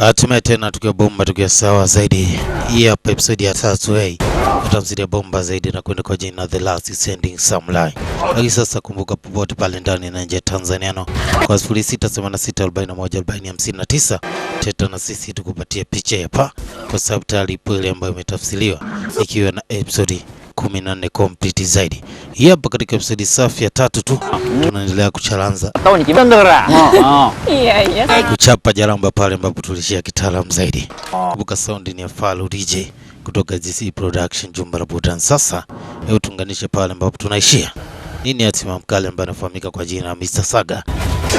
Hatimaye tena tukiwa bomba, tukiwa sawa zaidi. Hii hapa episodi ya tatu hey, ya bomba zaidi na kwenda kwa jina The Last Standing Samurai. Lakini sasa kumbuka, popote pale ndani na nje ya Tanzaniano kwa 0686414059 teta na sisi tukupatia picha hapa, kwa sababu tayari ipo ile ambayo imetafsiriwa ikiwa na episodi 14 complete zaidi. Hii hapa katika episode safi ya tatu tu tunaendelea kuchalanza kuchapa jaramba pale ambapo tulishia kitaalam zaidi. Kumbuka sound ni ya Falu DJ kutoka GC Production jumba la Butan. Sasa hebu tuunganishe pale ambapo tunaishia. Nini hatima mkali ambaye anafahamika kwa jina Mr. Saga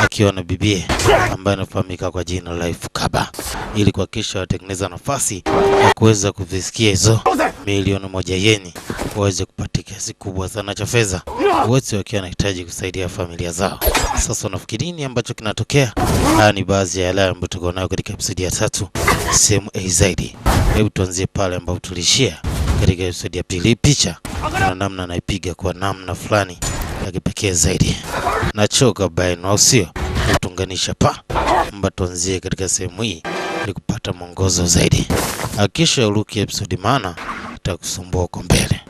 akiwa na bibie ambaye anafahamika kwa jina Life Kaba ili kuhakikisha watengeneza nafasi ya kuweza kuvisikia hizo milioni moja yeni waweze kupata kiasi kubwa sana cha fedha, wote wakiwa wanahitaji kusaidia familia zao. Sasa unafikiri nini ambacho kinatokea? Haya ni baadhi ya yale ambayo tuko nayo katika episodi ya tatu sehemu A zaidi. Hebu tuanzie pale ambapo tulishia katika episodi ya pili. Picha na namna anaipiga kwa namna fulani ya kipekee zaidi, nachoka baino, au sio? Kutunganisha pa mba, tuanzie katika sehemu hii ili kupata mwongozo zaidi. Hakikisha uruki episodi, maana kusumbua huko mbele.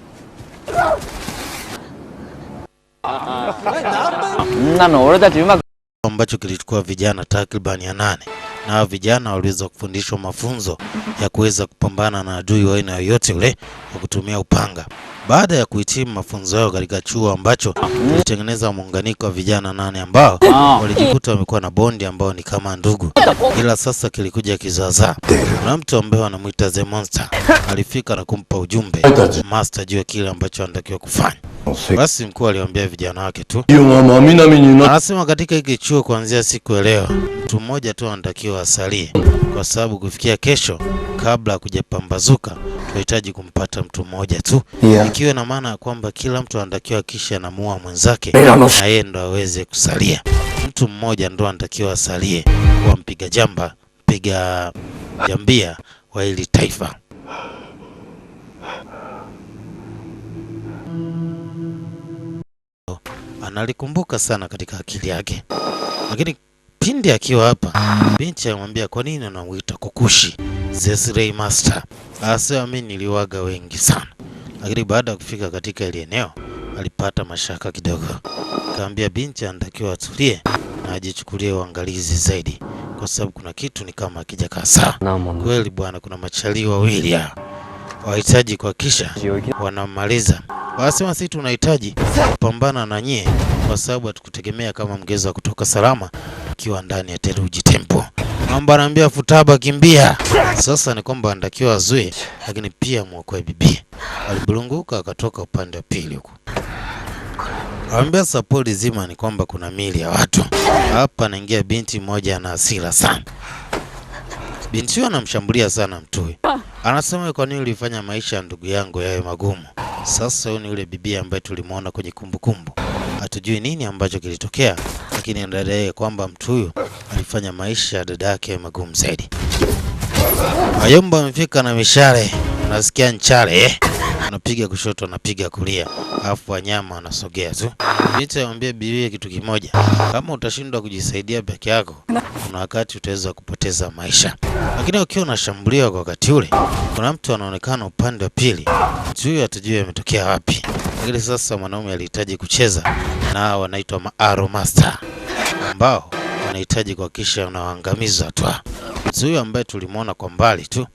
ambacho kilichukua vijana takribani ya nane na vijana waliweza kufundishwa mafunzo ya kuweza kupambana na adui wa aina yoyote ule kwa kutumia upanga. Baada ya kuhitimu mafunzo yao katika chuo ambacho kilitengeneza muunganiko wa vijana nane ambao walijikuta wamekuwa na bondi ambao ni kama ndugu, ila sasa kilikuja kizaazaa. Kuna mtu ambaye anamwita The Monster alifika na kumpa ujumbe Master juu ya kile ambacho anatakiwa kufanya. Basi mkuu aliwaambia vijana wake tu, anasema katika hiki chuo kuanzia siku ya leo mtu mmoja tu anatakiwa asalie, kwa sababu kufikia kesho kabla kujapambazuka tunahitaji kumpata mtu mmoja tu yeah. Ikiwa na maana ya kwamba kila mtu anatakiwa kisha anamua mwenzake na yeye ndo aweze kusalia, mtu mmoja ndo anatakiwa asalie kwa mpiga jamba, mpiga jambia wa hili taifa. Analikumbuka sana katika akili yake, lakini pindi akiwa hapa, ah. binti anamwambia kwa nini unamwita kukushi? Zesrey Master asema mimi niliwaga wengi sana, lakini baada ya kufika katika ile eneo alipata mashaka kidogo. Kaambia binti anatakiwa atulie na ajichukulie uangalizi zaidi, kwa sababu kuna kitu ni kama akijakaa sawa. Kweli bwana, kuna machalii wawili wahitaji kuhakisha wanamaliza. Wasema sisi tunahitaji kupambana na nyie, kwa sababu hatukutegemea kama mgezo wa kutoka salama ukiwa ndani ya teruji Temple kwamba anaambia Futaba kimbia. Sasa ni kwamba anatakiwa azue, lakini pia mwokoe bibi. Alibulunguka akatoka upande wa pili huko Anambia sapoli zima ni kwamba kuna mili ya watu hapa. Anaingia binti mmoja ana hasira sana. Binti huyo anamshambulia sana Mtui, anasema kwa nini ulifanya maisha ya ndugu yangu yawe magumu? Sasa huyu ni yule bibi ambaye tulimwona kwenye kumbukumbu, hatujui nini ambacho kilitokea, lakini mdada kwamba mtu huyu alifanya maisha ya dada yake magumu zaidi. Wajomba amefika na mishale, nasikia nchale eh? Anapiga kushoto, anapiga kulia, alafu wanyama wanasogea tu. Vita amwambia bibi kitu kimoja, kama utashindwa kujisaidia peke yako, kuna wakati utaweza kupoteza maisha. Lakini ukiwa unashambuliwa kwa wakati ule, kuna mtu anaonekana upande wa pili, mtu huyo atajua ametokea wapi. Lakini sasa mwanaume alihitaji kucheza na wanaitwa Maaro Master ambao wanahitaji kuhakikisha unawaangamiza tu. Mtu huyu ambaye tulimwona kwa mbali tu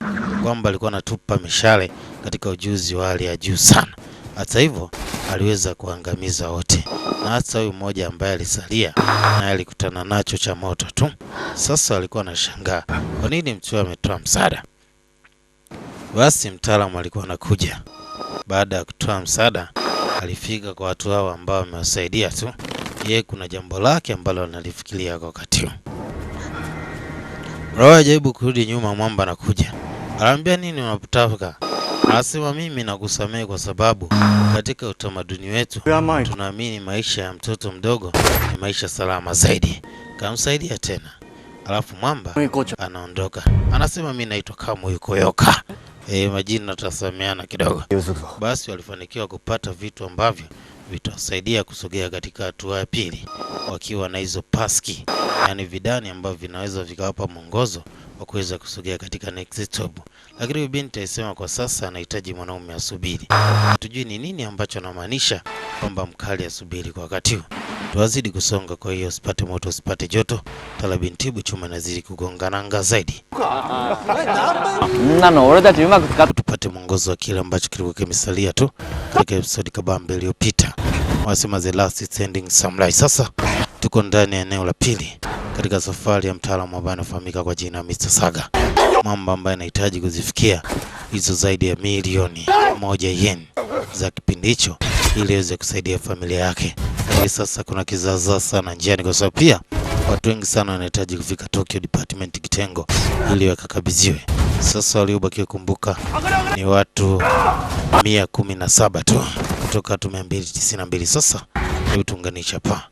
kwamba alikuwa anatupa mishale katika ujuzi wa hali ya juu sana. Hata hivyo aliweza kuangamiza wote, na hata huyu mmoja ambaye alisalia naye alikutana nacho cha moto tu. Sasa alikuwa anashangaa kwa nini mtu huyo ametoa msaada. Basi mtaalamu alikuwa anakuja. Baada ya kutoa msaada, alifika kwa watu hao ambao wamewasaidia tu yeye kuna jambo lake ambalo analifikiria kwa wakati huo. Roho ajaribu kurudi nyuma, mwamba anakuja. Anaambia nini unapotaka? Anasema mimi nakusamehe kwa sababu katika utamaduni wetu tunaamini maisha ya mtoto mdogo ni maisha salama zaidi. Kamsaidia tena. Alafu mwamba anaondoka. Anasema mimi naitwa Kamu Yukoyoka. E, eh, majina tutasameana kidogo. Basi walifanikiwa kupata vitu ambavyo vitawasaidia kusogea katika hatua ya pili wakiwa na hizo paski, yani vidani ambavyo vinaweza vikawapa mwongozo wa kuweza kusogea katika next stop. Lakini huyu binti alisema kwa sasa anahitaji mwanaume asubiri. Hatujui ni nini ambacho anamaanisha kwamba mkali asubiri kwa wakati huu. Tuwazidi kusonga, kwa hiyo usipate moto usipate joto. Talabintibu chuma nazidi kugonga nanga zaidi tupate mwongozo wa kile ambacho kilikuwa kimesalia tu katika episode kabambe iliyopita. Wanasema the last standing samurai. Sasa tuko ndani ya eneo la pili katika safari ya mtaalamu ambaye anafahamika kwa jina Mr. Saga, mambo ambaye anahitaji kuzifikia hizo zaidi ya milioni moja yen za kipindi hicho ili aweze kusaidia familia yake. Sasa kuna kizaazaa sana njiani, kwa sababu pia Watu wengi sana wanahitaji kufika Tokyo Department kitengo ili wakakabidhiwe. Sasa waliobakia kumbuka ni watu mia kumi na saba tu kutoka watu mia mbili tisini na mbili. Sasa hebu tuunganisha pa